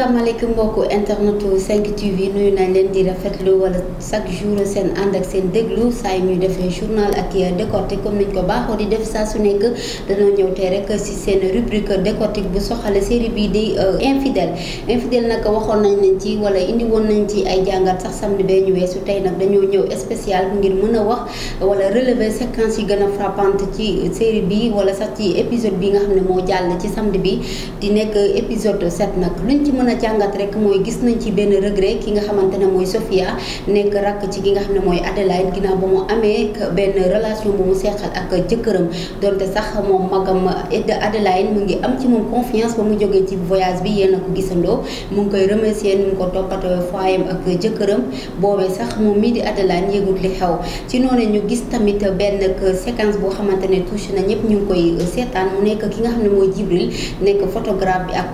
asalaamaaleykum mbokku internetu 5 TV nuyu nañ leen di rafetlu wala chaque jour seen ànd ak seen déglu saa yu ñuy defee journal ak décortique comme niñ ko baaxoo di def saa su nekk dañoo ñëw tey rek si seen rubrique décortique bu soxale série bii di infidèle euh, infidèle nag waxoon nañ leen ci wala indi woon nañ ci ay jàngat sax samedi bee ñu weesu tey nag dañoo ñëw spécial ngir mën a wax wala relever séquence yi gën a frappante ci série bi wala sax ci épisode bi nga xam ne moo jàll ci samedi bi di nekk épisode 7 nag luñ a jàngat rek mooy gis nañ ci benn regret ki nga xamante ne mooy Sofia nekk rakk ci ki nga xam ne mooy Adelaide ginnaaw ba mu amee benn relation bu mu seexal ak jëkkëram donte sax moom magam Adelaide mu ngi am ci moom confiance ba mu jógee ci voyage bi yéen a ko gisandoo mu ngi koy remercier mu ko toppatoo foyam ak jëkkëram boobee sax moom mii di Adelaide yëgut li xew ci noonu ñu gis tamit benn sequence boo xamante ne touché na ñëpp ñu ngi koy seetaan mu nekk ki nga xam ne mooy Jibril nekk photographe bi ak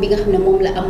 bi nga xam ne moom la am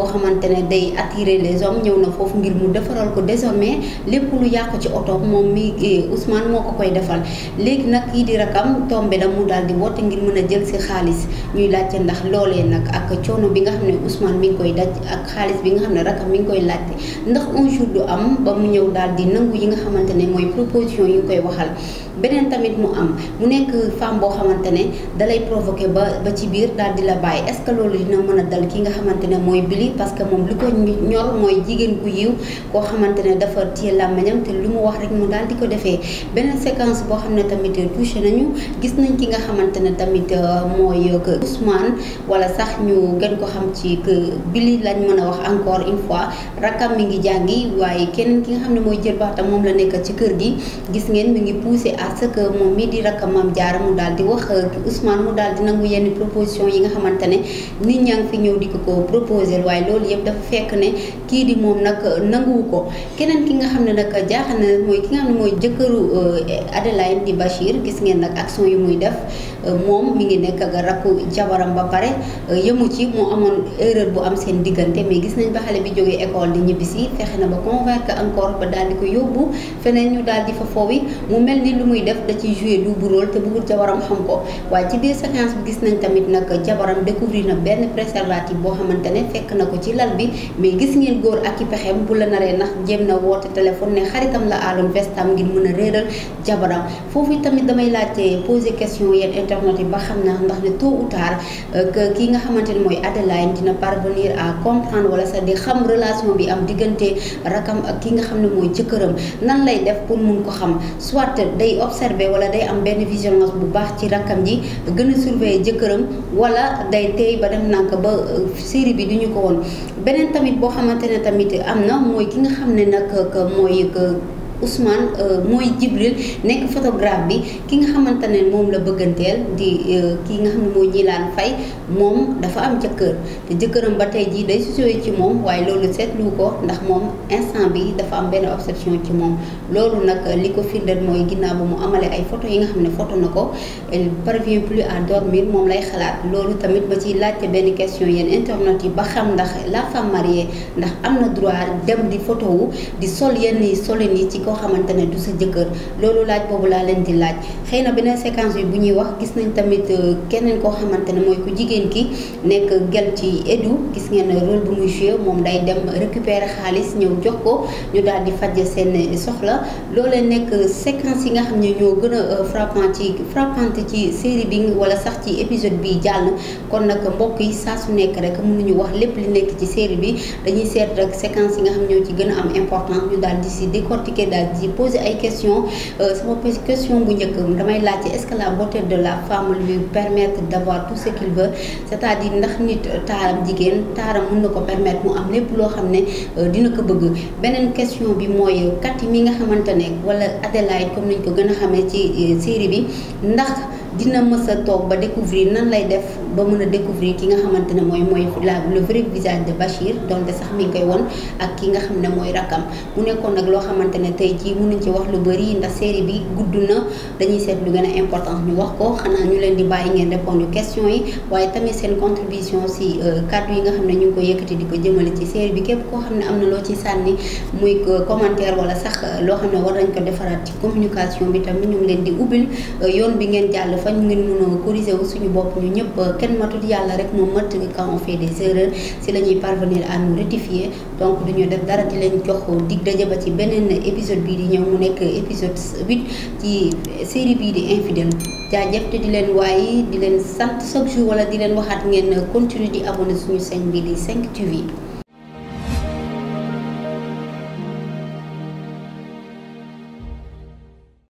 boo xamante ne day attirer les hommes ñëw na foofu ngir mu defaral ko désormais lépp lu yàqu ci oto moom mi eh, Ousmane moo ko koy defal léegi nag kii di rakam tombe da mu daal di woote ngir mën a jël si xaalis ñuy laajte ndax loolee nag ak coono bi nga xam ne Ousmane mi ngi koy daj ak xaalis bi nga xam ne rakam mi ngi koy laajte ndax un jour du am ba mu ñëw daal di nangu yi nga xamante ne mooy proposition yi ngi koy waxal benen tamit mu am mu nek femme bo xamantene eh, dalay provoquer ba ba ci bir dal dila bay est ce que lolu dina meuna dal ki nga xamantene eh, moy bili parce que mom liko ñor moy jigen ku yiw ko xamantene eh, dafa tie la mañam te lu mu wax rek mu dal diko defé benen séquence bo xamne tamit touché nañu gis nañ ki nga xamantene tamit moy ke. Ousmane wala sax ñu gën ko xam ci que bili lañ meuna wax encore une fois rakam mi ngi jangi waye kenen ki nga xamne moy jël bata mom la nek ci kër gi gis ngeen mi ngi pousser parce que moom mii di rakamam jaar mu daal di wax ak Ousmane mu daal di nangu yenn proposition yi nga xamante ne nit ñaa ngi fi ñëw di ko ko proposé waaye loolu yëpp dafa fekk ne kii di moom nag euh, nangu wu ko. keneen ki nga xam ne jaax na mooy ki nga xam ne mooy euh, Adelaide di Bachir gis ngeen nag action yu muy def. Euh, moom mi ngi nekk ak rakku jabaram ba pare euh, yëmu ci mu amoon erreur bu am seen diggante mais gis nañ ba xale bi jógee école di ñibbisi fexe na ba convaincre encore ba daal di ko yóbbu feneen ñu daal di fa foowi mu mel ni lu muy def da ciy joué double rôle te bëggul jabaram xam ko waaye ci biir séquence bi gis nañ tamit nag jabaram découvrir na benn préservatif boo xamante ne fekk na ko ci lal bi mais gis ngeen góor ak i pexem bu la naree nax jéem na woote téléphone ne xaritam la aaloon vestam ngir mën a réeral jabaram foofu tamit damay laajte poser question yenn internet yi ba xam na ndax ne tôt ou tard euh, kii nga xamante ne mooy Adeline dina parvenir à comprendre wala sax di xam relation bi am diggante rakam ak ki nga xam ne mooy jëkkëram nan lay def pour mun ko xam soit day observer wala day am benn vigilance bu baax ci rakam ji gën a surveiller jëkkëram wala day tey ba dem nànk ba euh, série bi du ñu ko woon beneen tamit boo xamante ne tamit am na mooy ki nga xam ne nag mooy Ousmane euh, mooy Jibril nekk photographe bi ki nga xamante ne moom la bëgganteel di euh, ki nga xam ne mooy Djilane Faye moom dafa am jëkkër te jëkkëram ba tey jii day susuwee ci moom waaye loolu seetlu ko ndax moom instant bi dafa am benn obsession ci moom loolu nag li ko firndeel mooy ginnaaw ba mu amalee ay photo yi nga xam ne photo na ko elle parvient plus à dormir moom lay xalaat loolu tamit ba ci laajte benn question yéen internet yi ba xam ndax la femme mariée am na koo xamante ne du sa jëkkër loolu laaj boobu laa leen di laaj xëy na beneen séquence bi bu ñuy wax gis nañ tamit euh, keneen koo xamante ne mooy ku jigéen ki nekk gel ci edu gis ngeen rôle bu muy joué moom day dem récupérer xaalis ñëw jox ko ñu daal di faj seen soxla loolee nekk séquence yi nga xam ne ñoo gën a euh, frappant ci frappante ci série bi wala sax ci épisode bi jàll kon nag mbokk yi saa su nekk rek mun mënuñu wax lépp li nekk ci série bi dañuy seet rek séquence yi nga xam ñoo ci gën daal di poser ay questions euh, sama question bu njëkk damay laajte ci ce que la beauté de la femme lui permettre d'avoir tout ce qu'il veut ndax nit euh, taaram jigéen taaram mën na ko permettre mu am lépp loo xam ne euh, dina ko bëgg beneen question bi mooy kat yi mi nga xamante ne wala Adélaïde comme nañ ko gën a xamee ci série bi ndax. dina mës a toog ba découvrir nan lay def ba mën a découvrir ki nga xamante ne mooy mooy la le vrai visage de Bachir donte sax mi ngi koy won ak ki nga xam ne mooy rakkam mu nekkoon nag loo xamante ne tey jii mën nañ ci wax lu bëri ndax série bi gudd na dañuy seet lu gën a importance ñu wax ko xanaa ñu leen di bàyyi ngeen répondre question yi waaye tamit seen contribution si euh, kàddu yi nga xam ne ñu ngi ko yëkkati di ko jëmale ci série bi képp koo xam ne am na loo ci sànni muy euh, commentaire wala sax euh, loo war nañ ko defaraat ci communication bi tamit ñu leen di ubbil yoon bi ngeen jàll fa ñu ngeen mën a corriger wu suñu bopp ñu ñëpp kenn matut yàlla rek moom mat quand on fait des erreurs si la ñuy parvenir à nous rectifier donc duñu def dara di leen jox dig daje ba ci beneen épisode bii di ñëw mu nekk épisode 8 ci série bii di infidèle jaajëf te di leen waaye di leen sant chaque jour wala di leen waxaat ngeen continue di abonné suñu chaîne bii di 5 TV